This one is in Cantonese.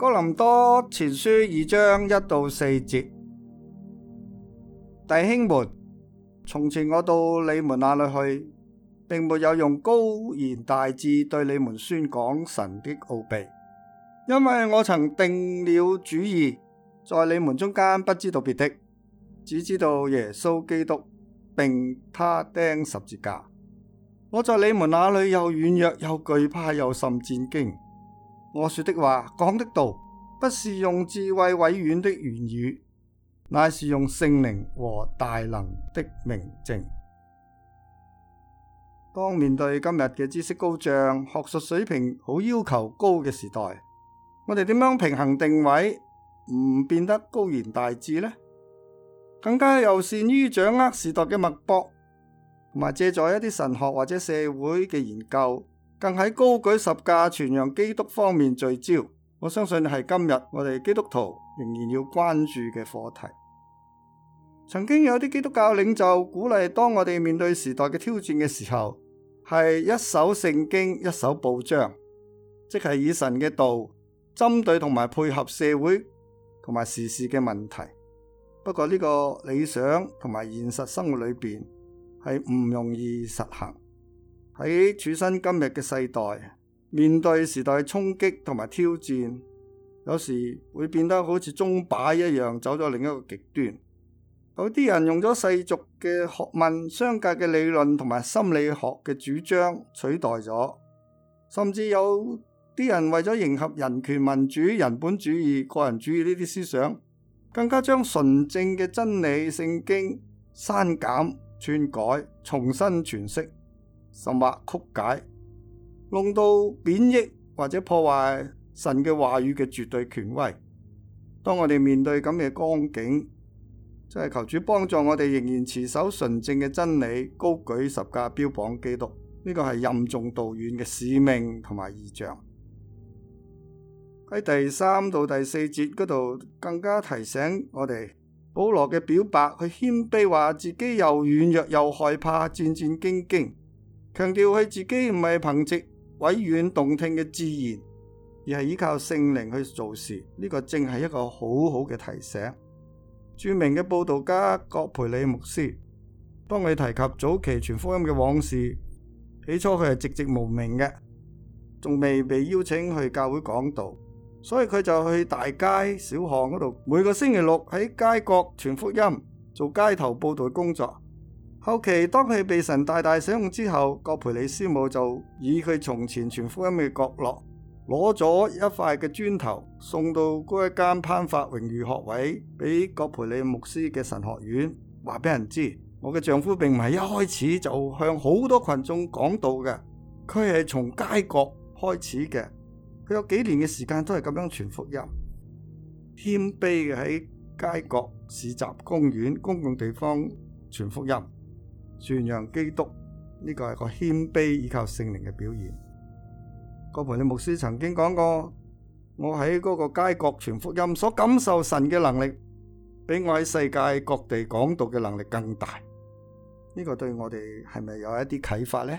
哥林多前書二章一到四節，弟兄們，從前我到你們那裏去，並沒有用高言大智對你們宣講神的奧秘，因為我曾定了主意，在你們中間不知道別的，只知道耶穌基督，並他釘十字架。我在你們那裏又軟弱又懼怕又甚戰驚。我說的話講的道，不是用智慧委婉的言語，乃是用聖靈和大能的明證。當面對今日嘅知識高漲、學術水平好、要求高嘅時代，我哋點樣平衡定位，唔變得高言大智呢？更加又善於掌握時代嘅脈搏，同埋借助一啲神學或者社會嘅研究。更喺高舉十架全讓基督方面聚焦，我相信係今日我哋基督徒仍然要關注嘅課題。曾經有啲基督教領袖鼓勵，當我哋面對時代嘅挑戰嘅時候，係一手聖經，一手報章，即係以神嘅道針對同埋配合社會同埋時事嘅問題。不過呢個理想同埋現實生活裏邊係唔容易實行。喺處身今日嘅世代，面對時代衝擊同埋挑戰，有時會變得好似鐘擺一樣，走咗另一個極端。有啲人用咗世俗嘅學問、商界嘅理論同埋心理學嘅主張取代咗，甚至有啲人為咗迎合人權、民主、人本主義、個人主義呢啲思想，更加將純正嘅真理、聖經刪減、篡改、重新詮釋。甚或曲解，弄到貶抑或者破壞神嘅話語嘅絕對權威。當我哋面對咁嘅光景，就係求主幫助我哋，仍然持守純正嘅真理，高舉十架，標榜基督。呢個係任重道遠嘅使命同埋異象。喺第三到第四節嗰度，更加提醒我哋保羅嘅表白，佢謙卑話自己又軟弱又害怕，戰戰兢兢。強調佢自己唔係憑藉委婉動聽嘅自然，而係依靠聖靈去做事，呢、這個正係一個好好嘅提醒。著名嘅布道家葛培理牧師，當佢提及早期傳福音嘅往事，起初佢係籍籍無名嘅，仲未被邀請去教會講道，所以佢就去大街小巷嗰度，每個星期六喺街角傳福音，做街頭布道工作。後期當佢被神大大使用之後，葛培理師母就以佢從前傳福音嘅角落攞咗一塊嘅磚頭，送到嗰一間頒發榮譽學位俾葛培理牧師嘅神學院，話俾人知：我嘅丈夫並唔係一開始就向好多群眾講道嘅，佢係從街角開始嘅。佢有幾年嘅時間都係咁樣傳福音，謙卑嘅喺街角、市集、公園、公共地方傳福音。傳揚基督呢、這個係個謙卑依靠聖靈嘅表現。郭培里牧師曾經講過，我喺嗰個街角傳福音，所感受神嘅能力，比我喺世界各地講道嘅能力更大。呢、這個對我哋係咪有一啲啟發呢？